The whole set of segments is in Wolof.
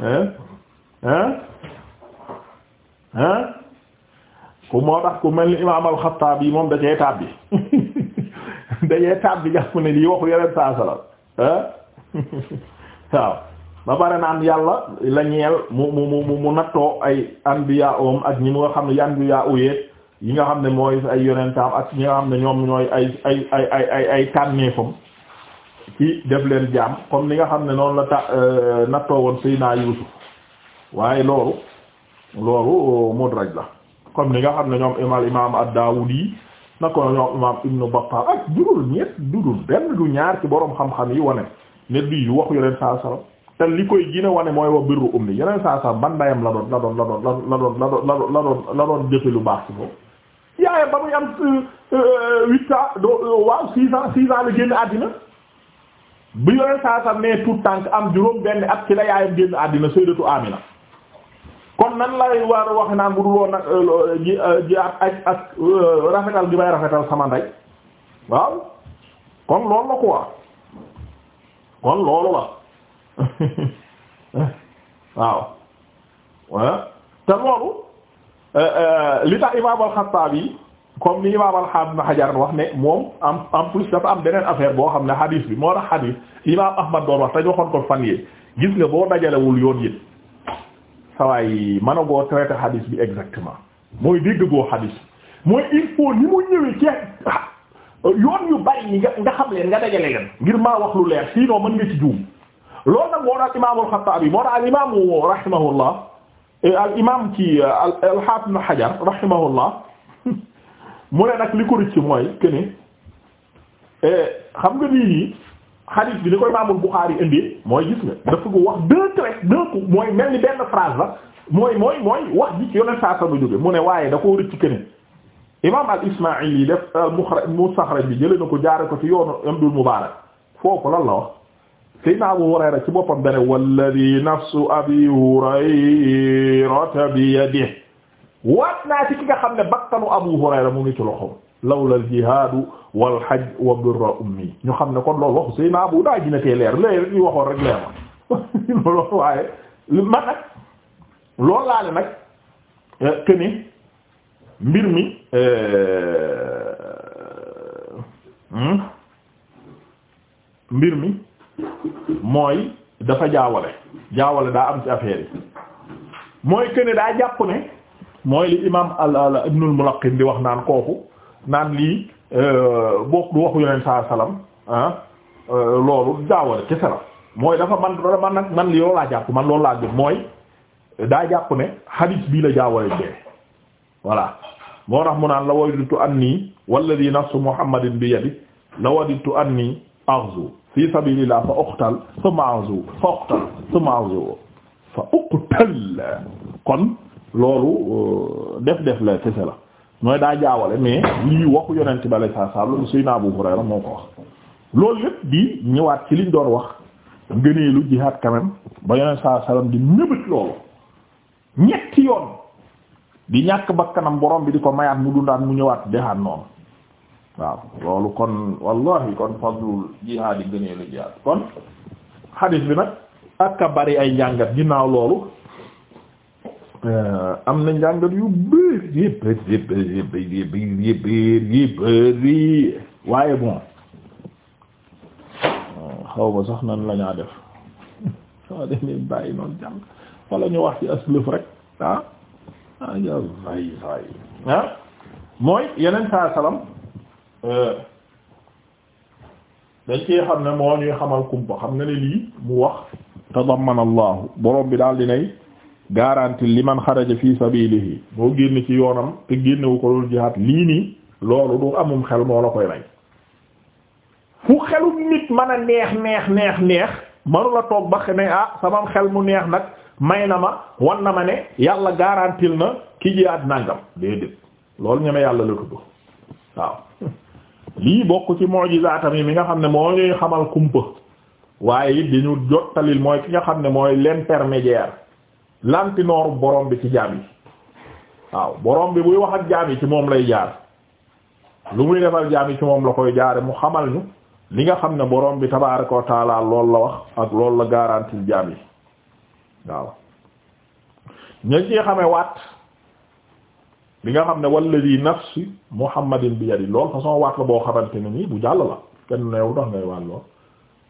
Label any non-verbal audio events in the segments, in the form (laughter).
hein hein hein ku moo tax ku mel ni imaam al-Xattaabi moom da cee tàbbi (laughs) dajee tàbbi jàpp ne lii waxu yeneen saa (laughs) waaw ba pare naan yàlla la ñeel mu mu mu mu nattoo ay anbiya om ak ñi nga xam ne yanbiya uyeet yi nga xam ne mooy ay yonentaam ak ñi nga xam ne ñoom ñooy ay ay ay ay ay ci def leen jaam comme ni nga xam ne noonu la ta euh, nattoo woon naa Yuusuf waaye loolu loolu euh, mudraj la comme ni nga xam ne ñoom imal imam ad-Daawudi benn ñaar ci borom xam yi wane ne bii waxu yeneen saa salam te mooy wa birru ummi yeneen saa salam ban ndayam la lu baax ci euh, waaw six ans la génn àddina bu yore saa sa nee tout tànk am juróom benn at ci la yaayam génn àddina sayyidatu Amina kon nan lay war a bu dul woon euh, euh, ak euh, rafetal gi may rafetal sama waaw kon loolu la (laughs) waaw ah te loolu li tax Imaam al-Xattaabi comme ni imaam alxaam na wax ne moom am en beneen affaire boo xam ne hadith bi moo tax hadith imaam Ahmad doon wax te ñu waxoon ko fan yii gis nga boo dajalewul yoon yi sawaay mën a goo traité hadith bi exactement mooy dégg goo hadith mooy il faut ni mu ñëwee yoon yu bari nga xam leen nga dajale leen ngir maa wax lu leer sinon mën nga ci juum loolu nag moo tax imaamul Xattaabi moo tax al imaamu rahimahullah eh, al imaam ci eh, al xaafis na xajar mu ne nag li ko rëcc mooy que ni eh, xam nga di nii bi ni koy maamul Bukhari indi mooy gis nga dafa ko wax deux traits deux coups mooy mel ni benn phrase la mooy mooy mooy wax ji ci yoneen saa sama jóge mu ne waaye da koo rëcc que ni al Ismaa'ili def al-Mustaxraj bi jëlee na ko jaare ko ci yoonu Abdul Mubaarak foofu lan la wax. Sayyidina Abu Hurayra ci boppam dane di nafsu Abi Hurayrata bi yadihi waat naa ci ki nga xam ne bakkanu Abu Hurayra mu ngi ci loxoom lawla jihaadu wal hajj wa birra ummi ñu xam ne kon loolu waxu Seydina Abu daa gina tee leer léegi rek ñu waxoon rek leer ma (laughs) loolu nag eh, mbir mi eh, hmm, mbir mi mooy dafa jaawale jaawale daa am ci affaire yi mooy que daa jàpp ne. mooy li imam al ibnul mulaqin di wax naan kooku naan lii euh, bokk du waxu yoneen saa salaam loolu jaawale kese la mooy dafa man man nag man li loolu laa jàpp man loolu laa jot mooy daa jàpp ne hadith bii la jaawale dee voilà moo tax mu naan la waditu anni walladhi nafsu muhammadin bi yadi la waditu anni aghzu fi sabilillah fa uqtal thumma aghzu fa uqtal thumma aghzu fa uqtal kon loolu def-def euh, la kese la mooy daa jaawale mais lii waxu yonent bale saa saa loolu Seydina Abu Hurayra moo ko wax loolu lépp di ñëwaat ci liñ doon wax gëneelu jihaad quand ba yonent saa salaam di nëbët loolu ñetti yoon di ñàkk bakkanam borom bi di ko mayaat mu dundaat mu ñëwaat jihaad noonu waaw loolu kon wallahi kon fadlul jihaad yi gëneelu jihaad kon xadiis bi nag ak a bari ay njàngat ginnaaw loolu Euh, am na njàngat yu bëri bëri bëri bëri bëri bëri bëri waaye bon xaw ba sax nan la ñaa def (laughs) xaw de leen bàyyi noonu jàng wala ñu wax ci aslëf rek ah ah ja vayi ah? mooy yeneen saa salam euh, dañ ci xam ne moo ñuy xamal kumpa xam nga ne lii mu wax tadammana allahu borom bi daal dinay garanti liman xaraja fi sabilihi moo génne ci yoonam te génnewu ko loolu jihaad lii nii loolu du amum xel moo la koy may fu xelum nit mën a neex neex neex neex manu toog ba ne ah samam xel mu neex nag may na ma wan na ma ne yàlla garantil na ki jihaad nàngam déedéet loolu ñeme yàlla la tudd waaw (laughs) lii bokk ci mojisaatam yi mi nga xam ne moo ñuy xamal kumpa waaye it dañu jottalil mooy ki nga xam ne mooy l'intermédiaire lantinooru borom bi ci jaam yi waaw borom bi buy wax ak jaam yi ci moom lay jaar lu muy defal jaam yi ci moom la koy jaare mu xamal ñu li nga xam ne borom bi tabaaraka wa lool la wax ak loolu la garantie jaam yi waaw ña xame waat li nga xam ne walladi nafsi muhammadin bi yadi lool façon waat la boo xamante ne nii bu jàll la kenn neew dox ngay waat lool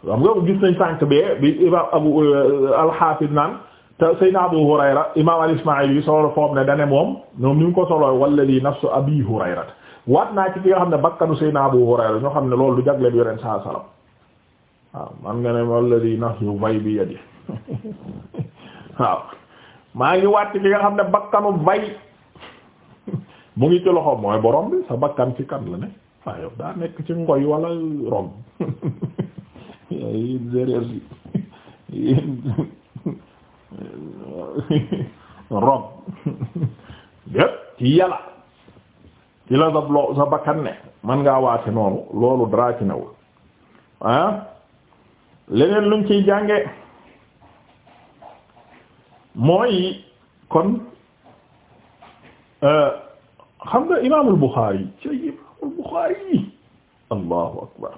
xam nga gis nañ sànk bee bi imaam abu euh, alxaafis naan te Seydina Abu Hurayra imaam al-Ismaa'ili solo foofu ne dane moom ñoom ni mu ko solo walladhi nafsu Abi Hurayra waat naa ci ki nga xam ne bakkanu Seydina Abu Hurayra ñoo xam ne loolu du jagle bi yoreen saa salaam waaw man nga ne walladhi nafsu Bay bi yadi (laughs) ngi waat ci xam ne bakkanu (laughs) mu ngi ci loxo mooy borom bi sa (laughs) rob yépp ci yàlla ci la sab lo sa bakkan ne man ngaa waate noonu loolu dara aw ah? leneen luñ ci jànge mooy kon euh, xam nga imaamul Buxaari ci imaamul Buxaari allahu akbar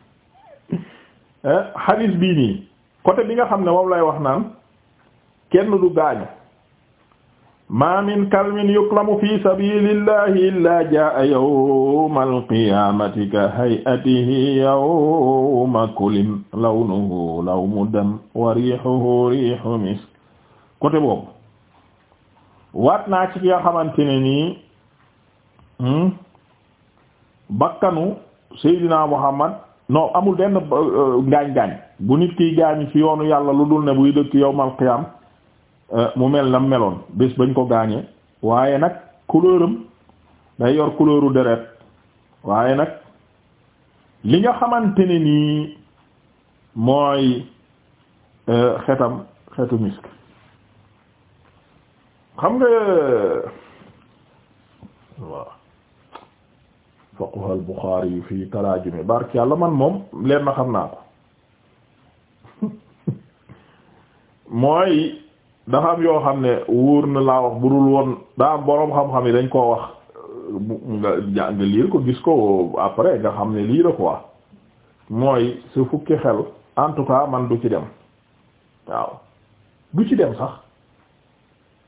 (laughs) eh, hadis bii nii côté bi nga xam ne moom lay wax naan kenn du gaañu ma min kalmin yuklamu fi sabilillahi illa jaa yawma alqiyamati ka hay'atihi yawma kulim lawnuhu lawnu dam wa rihuhu rihu misk côté boobu waat naa ci ki nga xamante ne nii hmm, bakkanu Seydina Muhammad non amul benn euh, gaañ-gaañ bu nit kiy gaañu ci yoonu yàlla lu dul ne buy dëkk yawmal qiyam Euh, mu mel na meloon bés bañ ko gaañee waaye nag couleuram day yor couleuru deret waaye nag li nga xamante ni nii mooy euh, xetam xetu misk xam nga waaw faqh al Bukhari yu fii tarajumi bark yàlla man moom leen na xam naa ko (laughs) mooy dafa am yoo xam ne wóor na laa wax budul woon daa am boroom xam-xam yi dañ koo wax nga jàng liir ko gis ko après nga xam ne lii la quoi mooy sa fukki xel en man du ci dem waaw du ci dem sax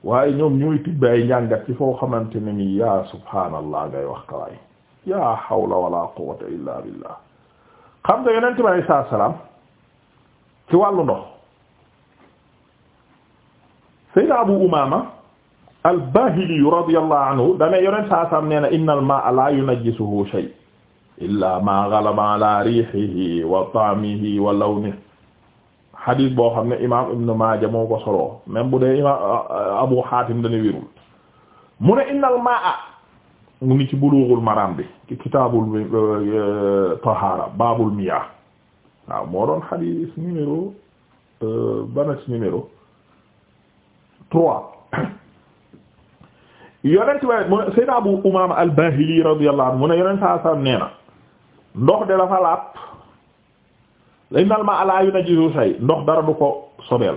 waaye ñoom ñooy tibbe ay njàngat ci foo xamante ne ni yaa subhaanallah ngay wax kawaay yaa hawla wala quwwata illa billah xam nga yonent bi alayhi salaam ci wàllu ndox Sayyidina Abu Umaama al-Baahili radiyallahu anhu dane yonent saa saam nee na innal maa'a laa yunajjisuhu shay illaa maa ghalaba alaa riihihi wa ta'mihi wa lawnihi hadis boo xam ne imaam Ibn Maaja moo ko soloo même bu dee imaam euh, Abu Haatim dana wérul mu ne innal maa'a mu ngi ci Buluughul Maraam bi ci kitaabul euh, tahaara baabul miyaah waaw moo doon hadis numéro euh, banat numéro trois yonent waaye mu ne Seydina Abu Umaama al-Baahili radiyallahu anhu mu ne yonent saa sallam ndox de dafa laab innal maa'a laa yunajjisuhu shay ndox dara du ko sobeel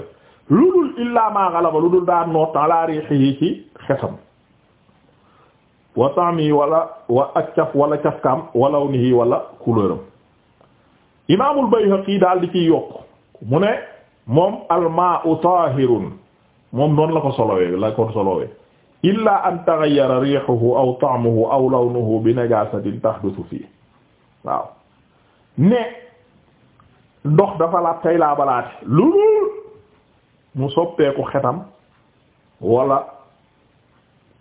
lu dul illaa ghalaba lu dul noot alaa riihihi ci xesam wa ta'mi wala wa ak caf wala wa lawnihi wala couleur am imaamul Bayhaqi moom noonu la ko solowee la ko solowee illa an taghayyara rihuhu aw ta'muhu aw lawnuhu bi najasatin tahduthu fii waaw ne ndox dafa laab tay laa balaate lu mu soppeeku xetam wala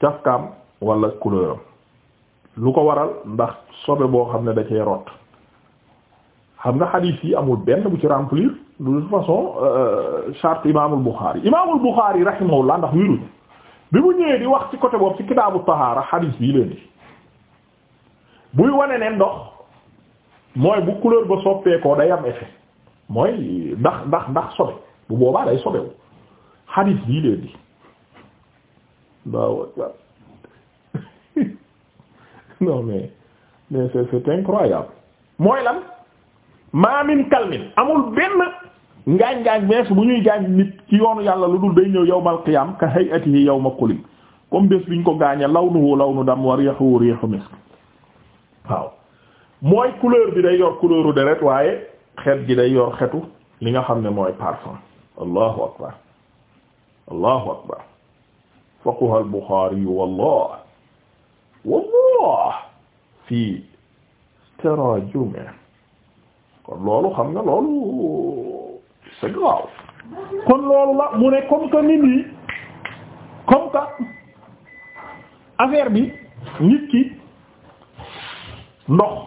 cafkaam wala couleur lu ko waral ndax sobe boo xam ne da cee rot xam nga xadiis yi amul benn bu ci remplir de toute façon euh, charte imaamul Bukhari imaamul Bukhari rahimahullah ndax wiiruñu bi mu ñëwee di wax ci côté boobu ci kitaabu tahaara xadiis bii leen di buy wane ne ndox mooy bu couleur ba soppeekoo day am effet mooy ndax ndax ndax sobe bu boobaa day sobewu xadiis bii leen di (laughs) mooy lan. maamin kalmin amul benn ngaañ ngaañ mees bu ñuy gaañ nit ci yoonu yàlla lu dul day ñëw yawmal qiyaam ka hay'atihi yawma qulim comme bés biñ ko gaañee lawnuhu lawnu dam wa riihuhu riihu misk waaw mooy couleur bi day yor couleuru deret waaye xet gi day yor xetu li nga xam ne mooy parfum allahu akbar allahu akbar faqaha al-Bukhari wallah wallah fii tarajuma kon loolu xam nga loolu c'est kon loolu la mu ne comme que nit ñi comme que affaire bi nit ki ndox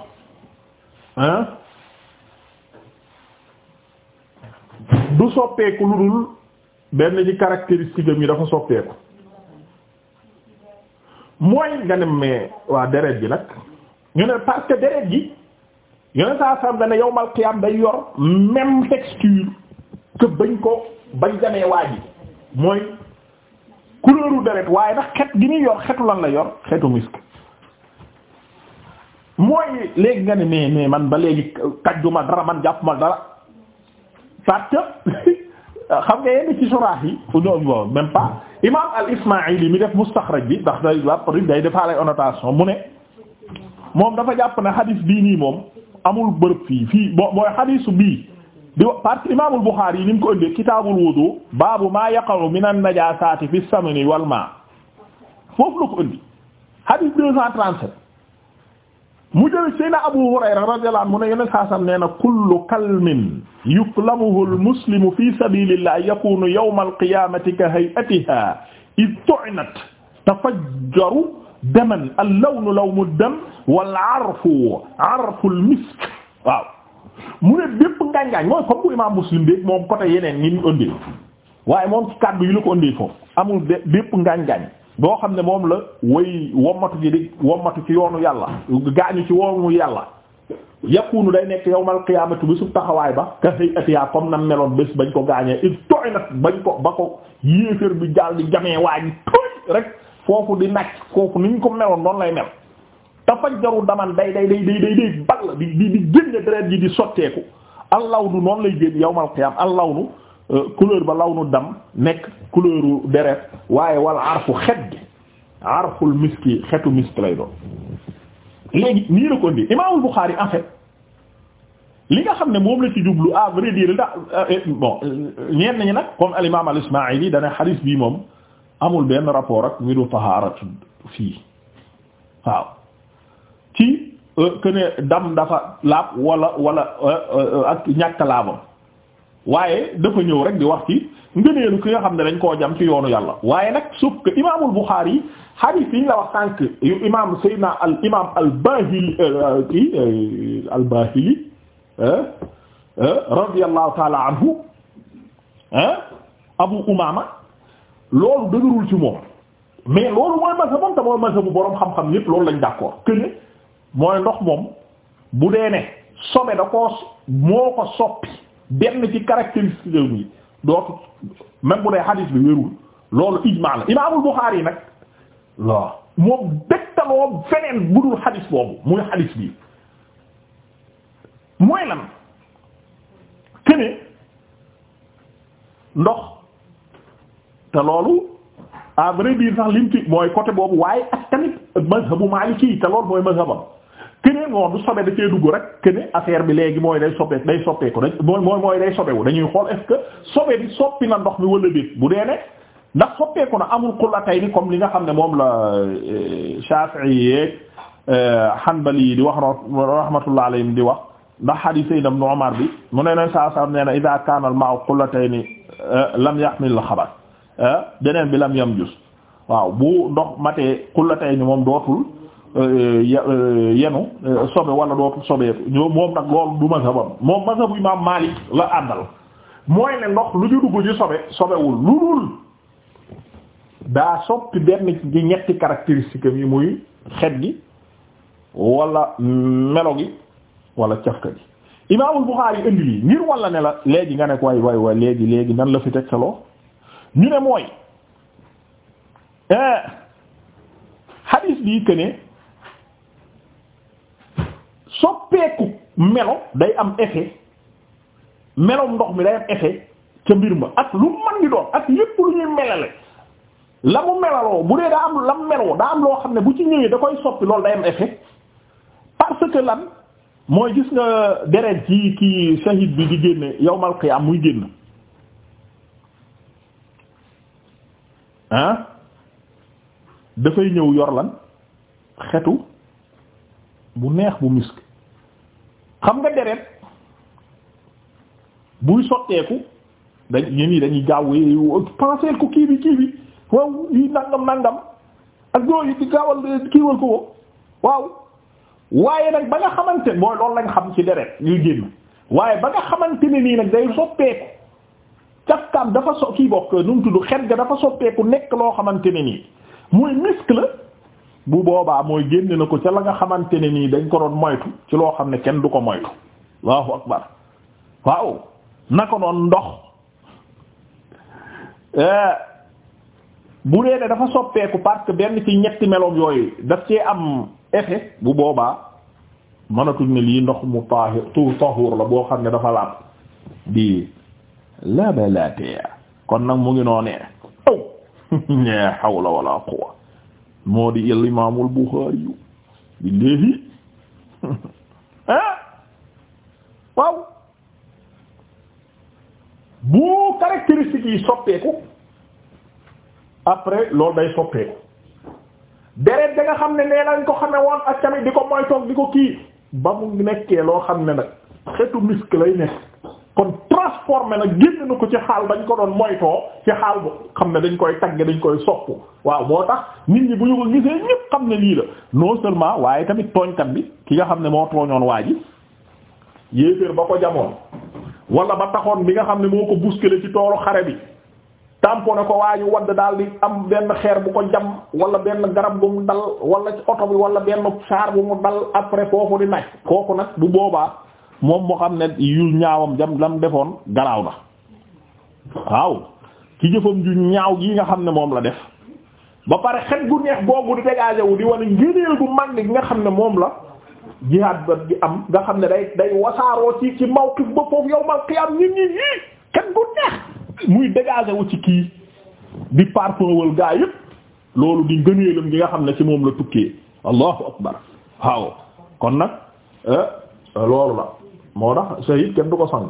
hein du soppeeku lu dul benn ci caractéristique am yi dafa soppeeku mooy nga ne mais waa deret ji nag ñu ne parce que deret ji yeneen saa sam dana yowmal qiyam day yor même texture que bañ koo bañ jamee waa ji mooy couleuru deret waaye ndax xet gi muy yor xetu lan la yor xetu misk mooy léegi nga ne mais mais man ba léegi kajjuma dara man ma dara parce que (laughs) xam nga yenn ci suraax yi ñoom même pas imam al ismaili mi def mustaxraj bi ndax day après day defaale mu ne moom dafa jàpp ne xadis bii nii moom amul bërëb fii fii bo mooy xadisu bii di wax parce que imaamul Buxaari yi ni mu ko ëndee kitaabul wudu baabu maa yaqa'u minan najaasaati fi samani wal maa foofu la ko ëndi hadith deux cent trente-sept mu jël Seydina Abu Hurayra radiyallahu anhu mu ne yoneen saasam nee na kullu kalmin yuklamuhu al-muslimu fi sabilillah yakunu yawma al-qiyamati ka hay'atiha id tu'inat tafajjaru daman al-lawnu lawnu dam wal arfu arfu al-misk waaw mu ne bépp ngaañ-ngaañ mooy comme bu imaam muslim bi moom côté yeneen ngi nu ëndee waaye moom kàdd kàddu yi la ko ëndee foofu amul dépp ngaañ-ngaañ boo xam ne moom la way wommatu ji di wommatu ci yoonu yàlla gaañu ci yoonu yàlla yakunu day nekk yow yawmal qiyaamati bi su taxawaay ba ka hay'atiha comme nam meloon bés bañ ko gaañee it tooy nag bañ ko ba ko yéeféer bi jàll di jamee waaji tooy rek foofu di nacc kooku ni ñu ko meloon noonu lay mel tafajjaru daman day day day day day day ball di di di génne deret ji di sotteeku allawnu noonu lay génn yawmal qiyaam allawnu euh, couleur ba law lawnu dam nekk couleuru deret waaye wala arfu xet gi arful miski xetu misk lay doon léegi nii la imaamul Buxaari en li nga xam ne moom la ci jublu à vrai dire ndax euh, euh, bon ñeen ñi nag comme al imaam al Ismaa'ili dana xadiis bii moom amul benn rapport ak mbiru tahaaratu fii waaw Euh, que dam dafa laab walla wala euh, euh, ak ñàkk laabam waaye dafa ñëw rek di wax ci ngëneelu ki nga xam ne dañ koo jam ci yoonu yàlla waaye nag suuf que imaamul Buxaari yi hadith yi ñu la wax sànq yu imaam Seydina al imaam al Bahili kii al Bahili radiyallahu taala anhu Abu Umaama loolu dëgërul ci moom mais loolu mooy masa moom te mooy masa bu boroom xam-xam yépp loolu lañ d'accord que mooy ndox moom bu dee ne sobe da koo moo ko soppi benn ci caractéristique yi dootu même bu dee hadith bi wérul loolu ijmaa la imaamul Buxaari yi nag waaw moom dëgtaloo feneen budul bi mooy lan kene te loolu à vrai dire sax lim ti mooy côté boobu waaye ak tamit mazhabu Maliki te loolu mooy mazhabam ne noonu du sobe da cee dugg rek que ne bi léegi mooy day sobe day soppeeku dañ mooy mooy mooy day sobewu dañuy xool est-ce que sobe na ndox mi wala déet bu dee ne ndax soppeeku na amul xullatay ni comme li nga xam ne moom la euh, Shafi'i yeeg euh, Hanbali yi di wax rahmatullah alayhim di wax ndax hadith Sayyidina Ibn Umar bi mu ne leen saa saa nee na idha kana al-ma'u qullatayni euh, lam yahmil al-khabath beneen bi lam yamjus waaw bu ndox matee xullatay ni moom dootul. Eh, yenu eh, sobe wala dootul sobeetu ñoo moom nag loolu du mazhabam moom mazhabu imam Malik la àndal mooy ne ndox lu ñu dugg ci sobe sobewul lu dul daa soppi benn ci ñetti caractéristique yi muy xet gi wala melo gi wala cafka gi imaamul Buxaari indi lii ngir wala ne la léegi nga ne way waay waay léegi léegi nan la fi teg saloo ñu ne mooy eh, hadis bii que ne soppeeku melo day am effet melom ndox mi day am effet ca mbir ma ak lu man di doon ak yépp lu ñuy melale la mu melaloo bu dee daa am la mu meloo daa am loo xam ne bu ci ñëwee da koy soppi loolu day am effet parce que lan mooy gis nga deret ci kii shahid bi di génne yi am muy génn ah dafay ñëw yor lan xetu bu neex bu misk xam nga deret buy sotteeku dañ ñun yi dañuy gaaw penseel ko kii bi kii bi waaw lii nangam nangam ak yi di gaawal kiiwal ko woo waaw waaye nag ba nga xamante mooy loolu lañ xam ci deret yuy génn waaye ba nga xamante nii nag day soppeeku cafkaam dafa so kii bokk nu mu tudd xet ga dafa soppeeku nekk loo xamante ne nii muy misk la bu boobaa mooy génne na ko ca la nga xamante ne nii dañ ko doon moytu ci loo xam ne kenn du ko moytu allahu akbar waaw na ko noon ndox eh, bu dee ne dafa soppeeku parce que benn ci ñetti meloom yooyu daf cee am effet bu boobaa mënatuñ ne lii ndox mu taahir tahur la boo xam ne dafa laab di labalaatee kon nag mu ngi noonee aw ñee (laughs) hawla wala quwwa moo di al imaamul Buxaari yu di léegi ah (laughs) waaw bu caractéristiques yi soppeeku après loolu day soppeeku deret da nga xam ne nee nañ ko xam ne woon ak tamit di ko moytoog di ko kii ba mu nekkee loo xam ne nag xetu misk lay nekk kon transformé na génn na ko ci xaal dañ ko doon moytoo ci xaal bu xam ne dañ koy tagge dañ koy sopp waaw moo tax nit ñi bu ñu ko gisee ñépp xam ne lii la non seulement waaye tamit tooñkat bi ki nga xam ne moo tooñoon waa ji yéeféer ba ko jamoon walla ba taxoon bi nga xam ne moo ko bousculé ci toolu xare bi tàmpoo tamponné ko waayu wadd daal di am benn xeer bu ko jam wala benn garab bu mu dal wala oto bi wala benn saar bu mu dal après foofu di na kooku nag bu boobaa moom moo xam ne yu ñaawam jam lam defoon garaaw na waaw ci jëfam ju ñaaw gi nga xam ne moom la def ba pare xet gu neex googu di dégagé wu di wane ngëneel gu gi nga xam ne moom la jihaad ba di am nga xam ne day day wasaaroo ci ci mawqif ba foofu yow mal xiyaam ñi yii xet gu neex muy dégagé ci kii di parfumwal gaa yëpp loolu di ngëneelam gi nga xam ne ci moom la tukkee allahu akbar waaw kon nag eh, loolu la moo tax shahid kenn du ko sang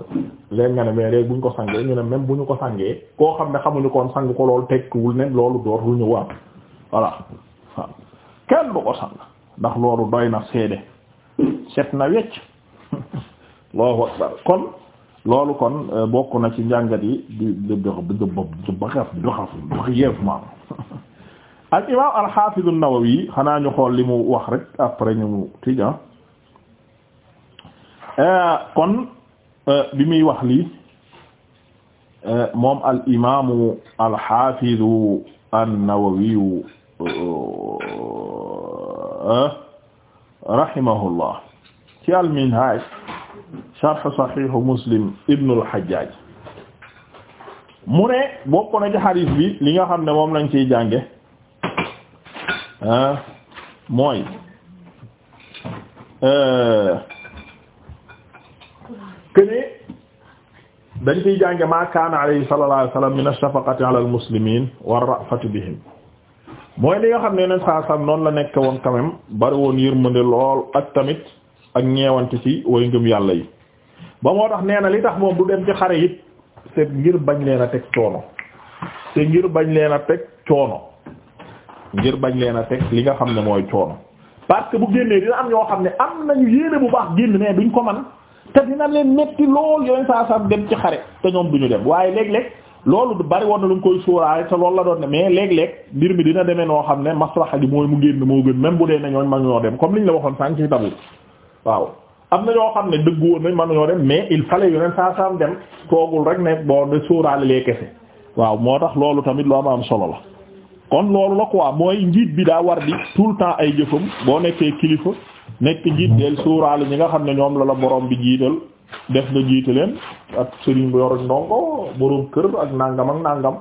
léegi nga ne mais léegi bu ñu ko sangee ñu ne même bu ñu ko sangee koo xam ne xamuñu koon sang ko loolu tekkiwul ne loolu door ñu waat voilà waaw ndax loolu doy na seede set na wecc Allahu kon loolu kon bokk na ci njàngat yi di di di baxaf doxaf bax yeef maam al imam al-Hafiz an-Nawawi xanaa ñu xool li mu wax rek après ñu tija Euh, kon euh, bi muy wax lii euh, moom al imaamu al xaafidu an-Nawawi rahimahullah ci al minhaj sharh sahih Muslim ibn al Hajjaj mu ne bokk na ci xadis bi li nga xam ne moom lañ ciy jànge mooy que dañ fiy jànge ma kaana alayhi sallallahu alayhi wasallam min ash-shafaqati ala al-muslimin wa ar-ra'fati bihim mooy li nga xam ne nañ saa sam noonu la nekk woon quand bariwoon bari woon yërmande lool ak tamit ak ñeewante ci way ngëm yàlla yi ba moo tax nee na li tax moom du dem ci xare it c'est ngir bañ leen a teg coono te ngir bañ leen a teg coono ngir bañ leen a teg li nga xam ne mooy coono parce que bu génnee dina am ñoo xam ne am nañu yéene bu baax génn mais duñ ko man te dina leen metti lool yooyu saa sax dem ci xare te ñoom duñu dem waaye léeg-léeg loolu du bari woon na lu mu koy sóoraale te loolu la doon ne mais léeg-léeg mbir dina demee noo xam ne maslaxa gi mooy mu génn moo gën même bu dee ne ñooñ man ñoo dem comme liñ am na ñoo xam ne dëgg woon nañ man ñoo dem mais il fallait yoneen saa saam dem toogul rek ne boo de sóoraale lee kese waaw moo tax loolu tamit lu am am solo la kon loolu la ko quoi mooy njiit bi daa war di tout le temps ay jëfam boo nekkee kilifa nekk jiit del suuraale ñi nga xam ne ñoom la la borom bi jiital def nga jiite leen ak sëriñ bu yor ndongo borom kër ak nangam ak nangam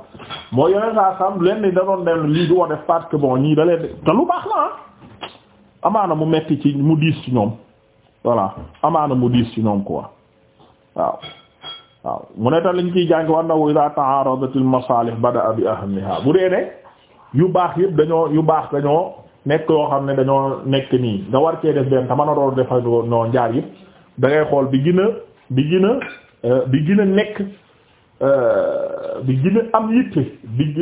mooy yeneen saa sam leen ni doon dem lii du ko def parce que bon ñii da leen te lu baax la ah. amaana mu metti ci mu diis ci ñoom voilà amaana mu diis ci ñoom quoi waaw waaw mu ne ta lañ ciy jàngi war na wu ida ta'aradatil masalih bada'a bi ahamiha bu dee ne yu baax yëpp dañoo yu baax dañoo nekk yoo xam ne dañoo nekk nii nga war cee def benn te mën a doon defal ñoo njaar yëpp da ngay xool bi gën a bi gën a euh, bi gën a nekk euh, bi gën a am yitte bi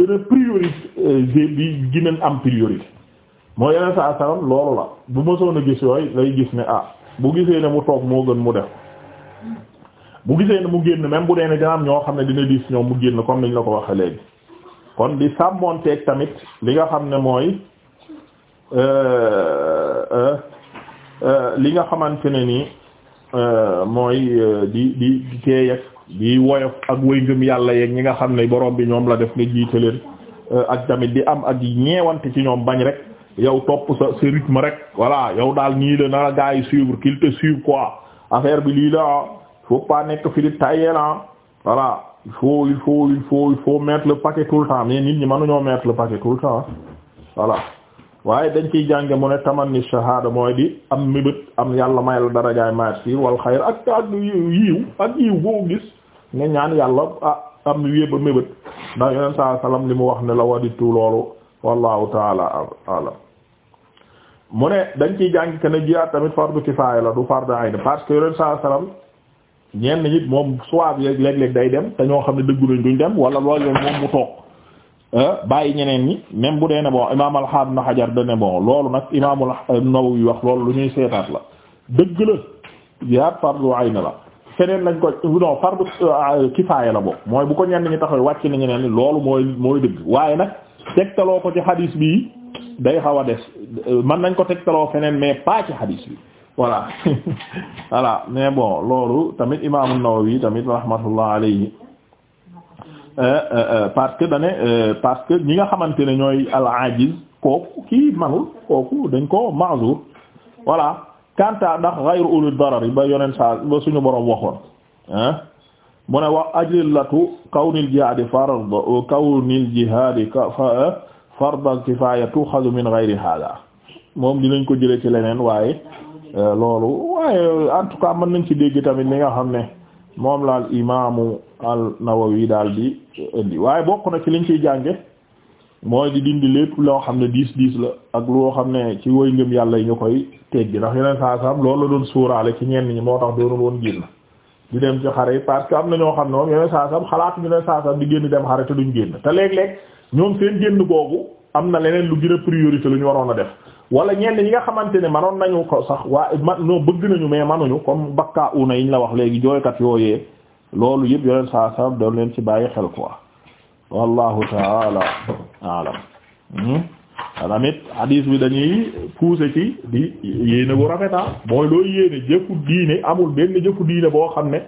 moo yeneen sa asaram loolu la bu mësoon a gis yooyu lay gis ne ah bu gisee ne mu toog moo gën mu def bu gisee ne mu génn même bu dee ne dina ñoo xam ne dina diis ñoom mu génn comme niñ la ko waxee léegi kon di sàmmonteeg tamit li nga xam ne mooy Euh, euh, euh, li nga xamante ne nii mooy di di di teeyeg di woyof ak way yàlla yeeg ñi nga xam ne borom bi ñoom la def nga jiite leen ak tamit di am ak ñeewante ci ñoom bañ rek yow topp sa rythme rek wala yow daal ñii la na gaa yi suivre qu'il te quoi affaire bi lii la ah nekk fi di tayeel ah voilà il faut il faut le paquet tout le temps mais nit ñi mënuñoo mettre le paquet tout le temps voilà waaye dañ ciy jànge mu ne tamanni shahada mooy di am mébét am yàlla may la darajaay martir wal xayr ak ak yiiw ak yiiw boo gis nga ñaan yàlla ah am wéeba mébét ndax yeneen saa salaam li mu wax ne la waditu loolu wallahu taala alam mu ne dañ ci jàng que ne jihaad tamit fardu kifaaya la du fardu ayn parce que yeneen saa salaam ñenn nit moom soit yeeg léeg-léeg day dem te ñoo xam ne dëggu nañ duñ dem wala loolu moom mu toog Euh, bàyyi ñeneen ñi même bu dee ne bon imaam al na Ibn Hajar da ne bon loolu nag imaam an-Nawawi wax loolu lu ñuy seetaat la dëgg la jihaad fardu ayn la feneen nañ ko non fardu euh, kifaaya la boobu mooy bu ko ñenn ñi taxaw wàcc na ñeneen ñi loolu mooy mooy dëgg waaye nag tegtaloo ko ci xadiis bi day xaw a des euh, mën nañ ko tegtaloo feneen mais pas ci xadiis bi voilà (laughs) voilà mais bon loolu tamit imaam an-Nawawi tamit rahmatullah alayhi Euh, euh, euh, parce que dane parce que ñi nga xamante ne ñooy al ajiz kooku kii manul kooku dañ ko mazur voilà kanta ndax ghayru ulul darar yi ba yoneen saa ba suñu borom waxoon ah mu ne wax ajillatu kawnil jihadi fard kawnil jihadi fard kifaya tuxazu min ghayri hada moom dinañ ko jëlee ci leneen waaye loolu waaye en tout cas mën nañ ci dégg tamit li nga xam ne moom la al imaamu al nawawi daal di indi waaye bokk na ci liñ ciy jànge mooy di dindi lépp loo xam ne diis diis la ak loo xam ne ci woy ngëm yàlla yi ñu koy teggi ndax yeneen saa saam loolu la doon suuraale ci ñenn ñi moo tax doonul woon génn di dem ci xare yi parce que am na ñoo xam ne moom yeneen saa saam xalaatu ñu ne saa saam di génn dem xare te duñ génn te léeg-léeg ñoom seen génn googu am na leneen lu gën a priorité lu ñu waroon a def wala ñenn ñi nga xamante ne manoon nañu ko sax waa man noo bëgg nañu mais manuñu comme bakkaa una ñu la wax léegi jooykat yooyee loolu yëpp yoneen saa saa doon leen ci bàyyi xel quoi wallahu taala alam tamit hmm? hadis bi dañuy pousser ci di yéene bu rafeta ah. mooy looy yéene jëfu diine amul benn jëfu diine boo xam ne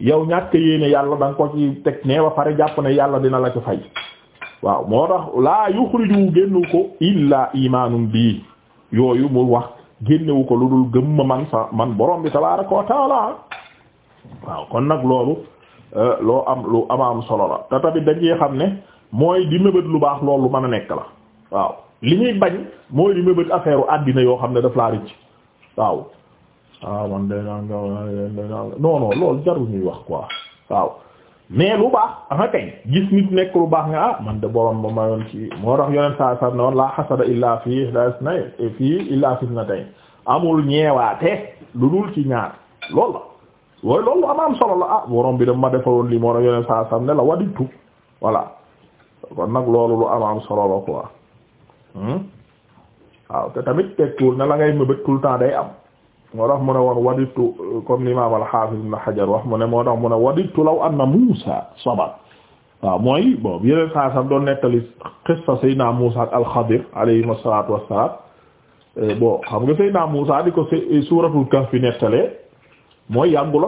yow ñàkk yéene yàlla da ko ci teg ne ba pare jàpp ne yàlla dina la ci fay waaw moo tax laa yuxriju génnu ko illa imaanum bii yooyu mu wax génnewu ko lu dul gëm ma man sa man borom bi tabaaraka wa taala waaw kon nag loolu euh, loo am lu ama am solo la te tamit dañuy xam ne mooy di mébét lu baax loolu mën a nekk la waaw li ñuy bañ mooy di mébét affaire àddina yoo xam ne daf laa rëcc waaw ah man day naa nga non non loolu ñuy wax ko waaw mais lu baax anga ah kay gis nit nekk lu baax nga ah man de borom ba mayoon ci moo tax yoneen saa saa ne woon laa xasada illaa fii na fii illaa fis na tey amul ñeewaate lu dul ci ñaar loolu la wooyu loolu am am solo la ah borom bi da ma defaloon lii moo tax yoneen saa saa ne la waditu voilà kon nag loolu lu am am solo la quoi hmm? waaw te tamit tekkiwul ne la ngay mëbët tout le temps day am moo tax mu ne woon waditu comme l'imam al-Hafiz Ibn wax mu ne moo tax mu ne waditu law anna Musa sabar waaw mooy bon yeneen saa sam nettali xissa Seydina Musa ak al-Khadir alayhi as eh, xam nga Seydina Musa di ko eh, suuratul Kahf fi nettalee mooy yàggul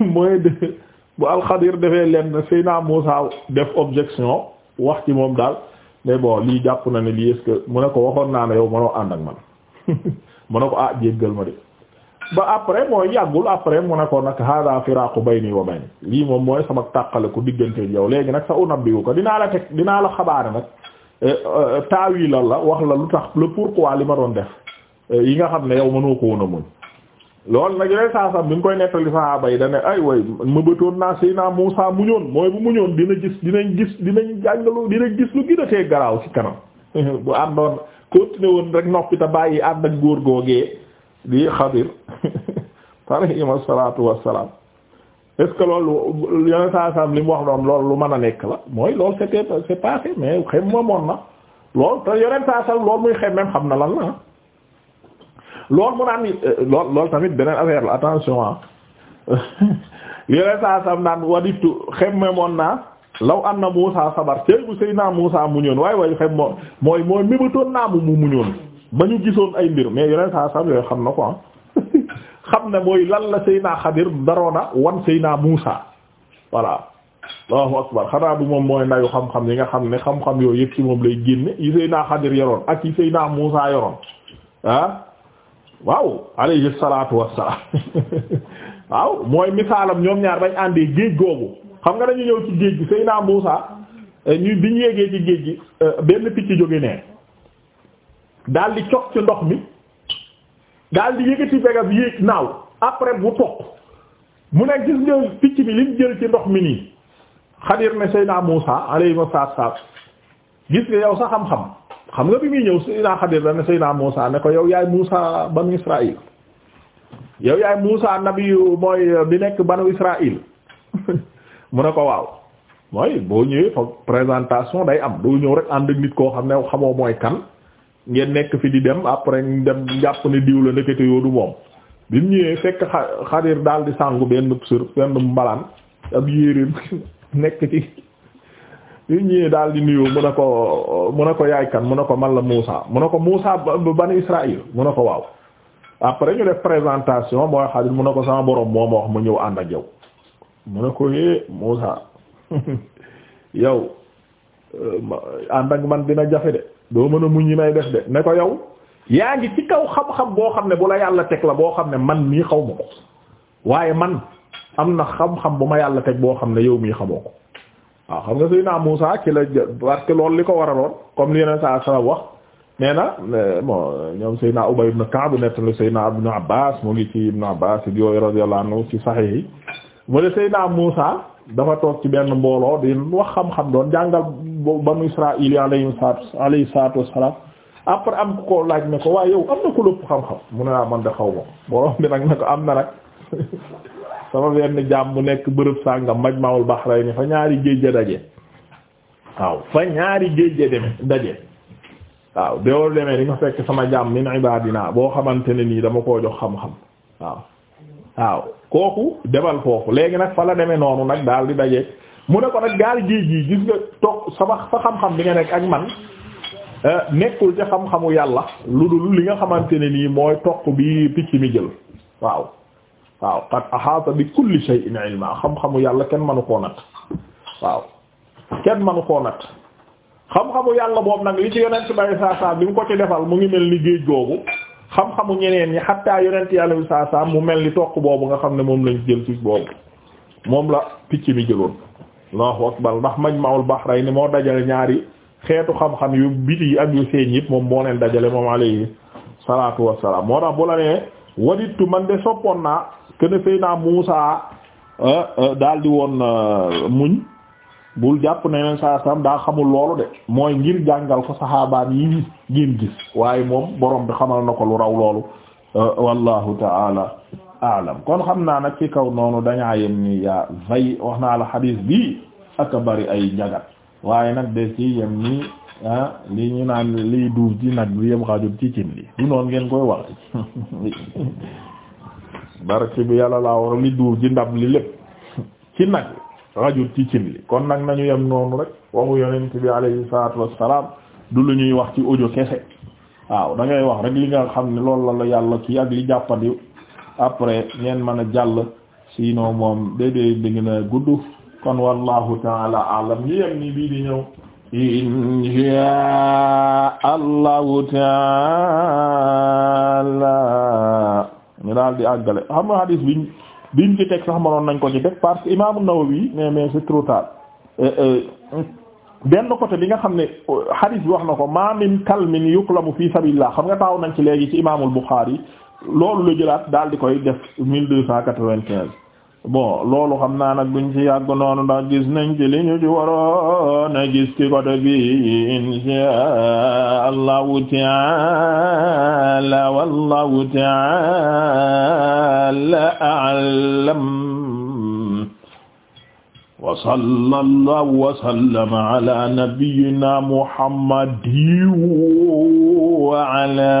(laughs) (laughs) def objection wax ci moom daal mais bon lii jàpp na ne lii est-ce que mu ne ko waxoon naa ne yow mënoo ànd ak man (laughs) mu ne ko ah jéggal ma de ba après mooy yàggul après mu ne ko nag hada firaqu bayni wa bayni lii moom mooy sama tàqale ku digganteeg yow léegi nag sa unabbiwu ko dinaa la teg dinaa la xabaare nag eh, eh, eh, taawi la la wax la lu tax le pourquoi li ma doon def yi nga xam ne yow mënoo ko woon a muñ loolu nag yeneen saa saam bi nga koy nettali sahaaba yi da ne ay way mëbatoon naa sëy naa Muusaa muñoon mooy bu muñoon dina gis dinañ gis dinañ jàngalu dina gis lu gën a garaaw ci kanam (laughs) bu àndoon continuer woon rek bàyyi ànd ak góor googee di Xadir (laughs) alayhim asalaatu wassalaam est loolu yeneen saa saam li mu wax noonu loolu lu mën a nekk la mooy loolu c'était c'est passé mais xem moomoon na loolu te yeneen saa saam loolu muy xem même xam na lan la loolu mu naan lool loolu tamit beneen affaire la attention ah yeneen saa sam naan waditu xemme moon naa law am na Muusa sabar tey bu sëy naa Muusa muñoon waaye waaye xem moo mooy mooy mébatoon naa mu mu muñoon ba ñu gisoon ay mbir mais yeneen yooyu xam na ko ah. (laughs) xam ne mooy lan la sëy naa Xadir daroona wan sëy naa Muusa voilà Allahu akbar xanaa du moom mooy ndayu xam-xam yi nga xam ne xam-xam yooyu yëpp ci moom lay génne yi sëy naa Xadir yoroon ak yi sëy naa Muusa yoroon ah. waaw alayhi salaatu wassalaam (laughs) waaw mooy misaalam ñoom ñaar bañ àndee géej googu xam nga dañu ñëw ci géej gi Seydina Muusa eh, ñu bi yéegee ci géej gi eh, benn picc jóge nee daal di ci ndox mi daal di yëgati begab yéeg naaw après bu toq mu ne gis nga picc bi lim jël ci ndox mi nii Xadir ne Seydina Muusa alayhi salaatu wassalaam gis nga yow sa xam-xam xam nga bi muy ñëw Seydina Xadir la ne Seydina Muusa ne ko yow yaay Muusa banu Israil yow yaay Muusa nabiyu mooy bi nekk banu Israil (laughs) mu ne ko waaw mooy boo ñëwee fa présentation day am doo ñëw rek ànd ak nit koo xam ne xamoo mooy kan ngeen nekk fi di dem après ñu dem jàpp ne diw la ndekete yoo moom bi mu ñëwee fekk Xadir daal di sangu benn sur benn mbalaan ab yéreem (laughs) nekk ci yu ñëwee daal di nuyu mu ne ko mu ne ko yaay kan mu ne ko man la Muusa mu ne ko Muusa bani Israël mun a ko waaw après ñu def présentation mooy xarit mu ne ko sama borom moo ma wax mu ñëw ànd ak yow mu ne ko é eh, Muusa (laughs) yow euh, ànd ak man dina jafe de doo mën a muñ ñi may def de ne ko yow yaa ngi ci kaw xam-xam boo xam ne bu la yàlla teg la boo xam ne man mii xaw ma ko waaye man am na xam-xam bu ma yàlla teg boo xam ne yow mii xamoo ko waaw xam nga Seydina Muusaa ci la parce que loolu li ko waraloon comme li yeneen saa saa wax nee na eh, bon ñoom Seydina Ubay ibn Ka'b nettali Seydina Ibn Abbaas mu ngi ci Ibn Abbaas yi yooyu radiyallahu anhu ci Sahih yi mu ne Seydina Muusaa dafa toog ci benn mbooloo di wax xam-xam doon jàngal banu Israa'iil yi alayhi salaatu alayhi salaatu wassalaam après am ku ko laaj ne ko waaye yow am na ku lëpp xam-xam mu ne ah, man de xaw ma borom bi nag ne ko am na nag (laughs) sama benn jàmm bu nekk bërëb sàngam majma'ul bahrayni fa ñaari géej a daje waaw fa ñaari géej a daje waaw doo demee di nga fekk sama jàmm jaam min ibadina boo xamante ne nii dama koo jox xam-xam waaw waaw kooku demal foofu léegi nag fa la demee noonu nag daal di daje mu ne ko nag gaal géej gi gis nga toog sama fa xam-xam bi nga nekk ak man eh, nekkul ci xam-xamu yàlla lu dul li nga xamante ne nii mooy toq bi picc mi jël waaw waaw qad ahaata bi kulli a ilma xam-xamu yàlla kenn manu koo nat waaw kenn manu koo nat xam-xamu yàlla boobu nag li ci yonent bay saa saa bi mu ko ci defal mu ngi mel ni géej googu xam-xamu ñeneen ñi xattaa yonent yàlla bi saa saa mu mel ni toq boobu nga xam ne moom lañ jël ci boobu moom la picc mi jëloon allahu akbar ndax majma'ul bahrayni moo dajale ñaari xeetu xam-xam yu biti yi ak yu feeñ yi moom moo leen dajale moom alayhi salaatu kene fay naa Muusa euh, euh, daal di woon euh, muñ bul jàpp ne leen saa sam daa xamul loolu de mooy ngir jàngal ko saxaabaan yi ngeen gis waaye moom borom bi xamal na ko lu raw loolu wallahu taala aalam kon xam naa nag ci kaw noonu dañaa yem ni yaa vay wax naa la xadiis bi ak bari ay njagat waaye nag de ci yem ni ah, li ñu naan li duuf ci nag bi yem xajul ci cin li du noonu ngeen koy wax (laughs) barke bi yàlla laa war li duuf ci ndab li lépp ci nag rajul ci cin li kon nag nañu yem noonu rek waxu yonent bi alayhi salaatu wassalaam du lu ñuy wax ci audio kese waaw da wax rek li nga xam ne lool la la yàlla kii ak li jàppandi après ngeen mën a jàll sinon moom déedéet di ngeen a gudd kon wallahu taala alam ñu yem ni bii di ñëw insha allahu taala ñu daal di àggale xam nga hadis biñ biñ ci teg sax mënoon nañ ko ci teg parce que imaamu Nawawi mais mais c'est trop tard euh, euh, benn côté bi nga xam ne euh, hadis bi wax na ko ma min kalmin yuklamu fi sabilillah xam nga taaw nañ ci léegi ci imaamul Bukhari loolu la jëlaat daal di koy def mille deux cent quatre-vingt-quinze bon loolu xam naa nag buñ ci yàgg noonu ndax gis nañ ci li ñu ci waroon a gis ci côté bi insha allahu taala wallahu taala a'lam wa sallallahu wa sallama ala nabiyyina muhammadin wa ala